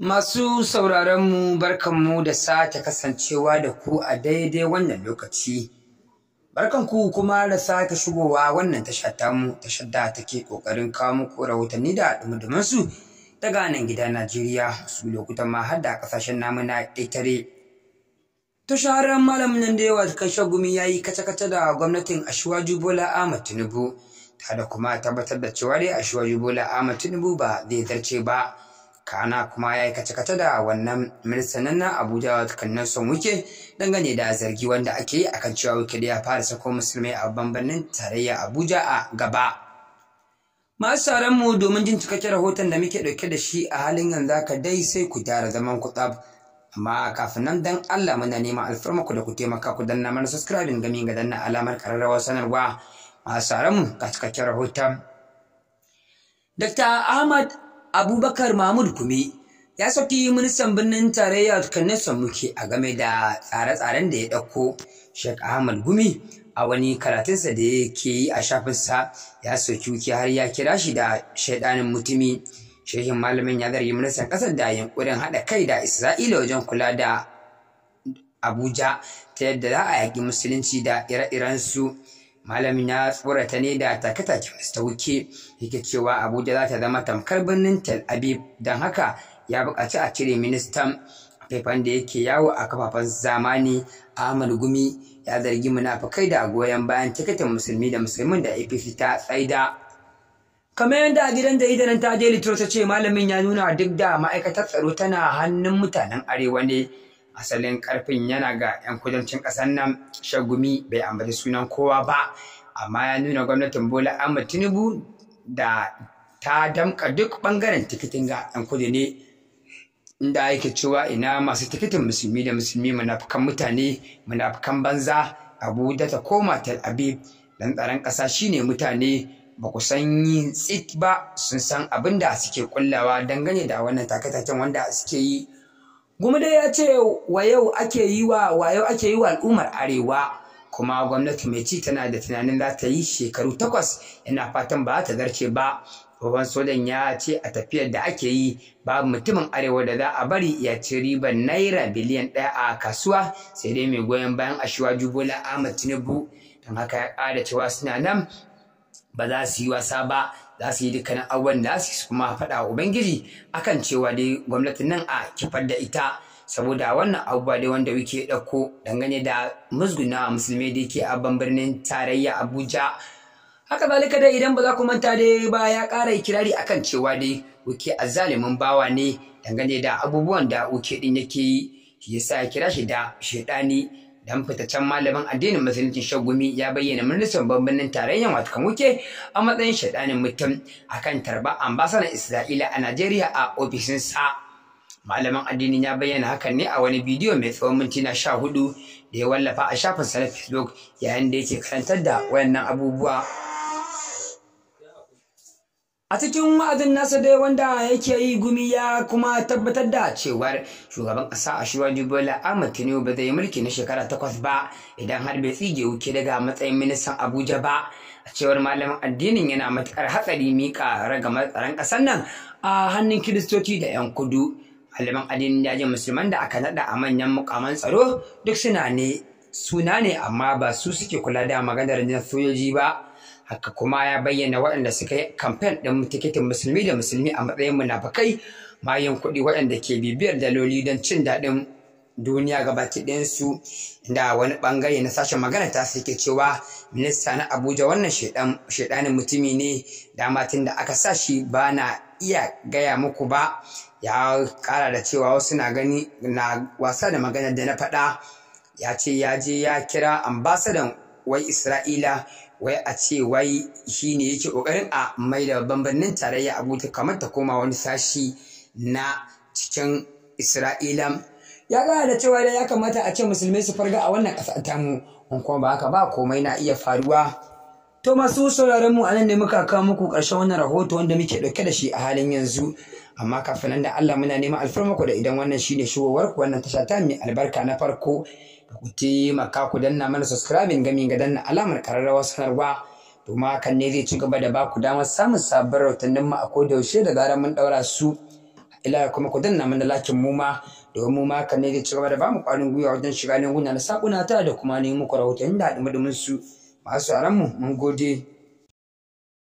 Masu sauraronmu barkanmu da sake kasancewa da ku a daidai wannan lokaci. barkan ku kuma da sake shigowa wannan tasha tamu tashar da take ƙoƙarin kawo muku rahotanni da dumudumansu ta ganin gida Najeriya su lokutan ma har da ƙasashen namu na ƙetare. Tusharar malamin nan da yawa kan gumi ya yi kace-kace da gwamnatin Ashwaju Bola Ahmad Tinubu, tare kuma tabbatar da cewa dai Ashwaju Bola Ahmad Tinubu ba zai zarce ba. kana kuma ya yi kace-kace da wannan ministan na abuja kannan son wike dangane da zargi wanda ake yi akan cewa wike da ya fara sako musulmai a bambanin tarayya abuja a gaba masu mu domin jin cikakken rahoton da muke ɗauke da shi a halin yanzu haka dai sai ku tara zaman ku tsab amma kafin nan dan allah muna neman alfarma ku da ku taimaka ku danna mana subscribing gami ga danna alamar kararrawar sanarwa masu mu ga cikakken rahoton Dr. Ahmad abubakar mahmud kume ya sauki ministan birnin tarayya kaneson muke a game da tsare-tsaren da ya ɗauko sheikh ahmad gumi a wani karatunsa da yake yi a shafinsa ya soki wuki har ya kira shi da shaidanin mutumi shehin malamin ya zargi ministan ƙasar da yunkurin haɗa kai da isra'ila wajen kula da abuja ta yadda za a yaki musulunci da ire iren su. malamin ya tsorata ne da take-take Mr. wuce yake cewa Abuja za ta zama tamkar birnin Tel Aviv don haka ya buƙaci a cire ministan faifan da yake yawo a kafafen zamani Ahmad Gumi ya zargi munafukai da goyon bayan tikitin musulmi da musulmin da APC ta tsaida. Kamar yadda a gidan jaridan ta je Litro ce malamin ya nuna duk da ma'aikatar tsaro tana hannun mutanen arewa ne asalin karfin yana ga 'yan kudancin ƙasar nan shagumi bai ambaci sunan kowa ba amma ya nuna gwamnatin bola ahmad tinubu da ta damka duk bangaren tikitin ga 'yan kudu ne inda yake cewa ina masu tikitin musulmi da musulmi munafukan mutane munafukan banza da ta koma tel aviv dan tsaron ƙasa shine mutane ba ku san yin tsit ba sun san abin da suke kullawa dangane da wannan taka-taken wanda suke yi Gumi dai ya ce wa yau ake yi wa wa yau ake yi wa al'ummar arewa kuma gwamnati mai ci tana da tunanin za ta yi shekaru takwas ina fatan ba ta zarce ba Babban sojan ya ce a tafiyar da ake yi babu mutumin arewa da za a bari ya ci ribar naira biliyan ɗaya a kasuwa sai dai mai goyon bayan ashewa jubola ahmad tinubu don haka ya ƙara cewa suna nan ba za su yi wasa ba za su yi dukkanin abubuwan da su kuma faɗa wa ubangiji akan cewa dai gwamnatin nan a kifar da ita saboda wannan abubuwa dai wanda wike ɗauko dangane da musguna musulmi da yake a birnin tarayya abuja haka zalika dai idan ba za ku manta dai ba ya ƙara kirari akan cewa dai wike azalimin bawa ne dangane da abubuwan da wike ɗin yake yi shi yasa ya kira shi da shaiɗani dan fitaccen malamin addinin musulunci shagumi ya bayyana ministan tarayyan tarayyar kan wuke a matsayin shaidanin mutum akan tarba ambasadan isra'ila a najeriya a ofishinsa malamin addinin ya bayyana hakan ne a wani bidiyo mai tsawon mintuna sha hudu da ya wallafa a shafinsa na facebook yayin da yake karantar da wayannan abubuwa a cikin wa'azin nasa dai wanda yake yi gumi ya kuma tabbatar da cewar shugaban ƙasa a shiwaji bola ahmad tinubu ba zai mulki na shekara takwas ba idan har bai tsige wuke daga matsayin ministan abuja ba a cewar malamin addinin yana matukar hatsari miƙa raga matsaran ƙasar nan a hannun kiristoci da 'yan kudu malaman addinin yajin musulman da aka naɗa a manyan mukaman tsaro duk suna ne suna ne amma ba su suke kula da maganar sojoji ba haka kuma ya bayyana waɗanda suka yi kamfen ɗin tikitin musulmi da musulmi a matsayin munafakai mayan kuɗi waɗanda ke bibiyar daloli don cin daɗin duniya gabaki su. da wani ɓangare na sashen magana ta su cewa minista na abuja wannan shaidanin mutumi ne dama tun da aka sa shi ba na iya gaya muku ba ya ƙara da cewa wasu na gani na wasa da maganar da na faɗa ya ce ya je ya kira ambasadan wai isra'ila wai a ce wai shi ne yake ƙoƙarin a mai da babban tarayya abuja kamar ta koma wani sashi na cikin isra'ila ya gaya da cewa da ya kamata a ce musulmai su farga a wannan ƙasa tamu in kuma ba haka ba komai na iya faruwa To masu sauraron mu anan ne muka kawo muku ƙarshen wannan rahoto wanda muke ɗauke da shi a halin yanzu. Amma kafin nan da Allah muna nema alfarma ku da idan wannan shine shigowar ku wannan tasha ta mai albarka na farko ku taimaka ku danna mana subscribing gami ga danna alamar ƙararrawar sanarwa domin hakan ne zai ci gaba da ba ku damar samun sabbin rahotannin mu a koda yaushe da zarar mun ɗaura su. Ila kuma ku danna mana lakin mu ma domin mu ma hakan ne zai ci gaba da ba mu ƙwarin gwiwa wajen shiga linguna na saƙuna ta da kuma nemo muku rahotannin da haɗu su. masu mu mun gode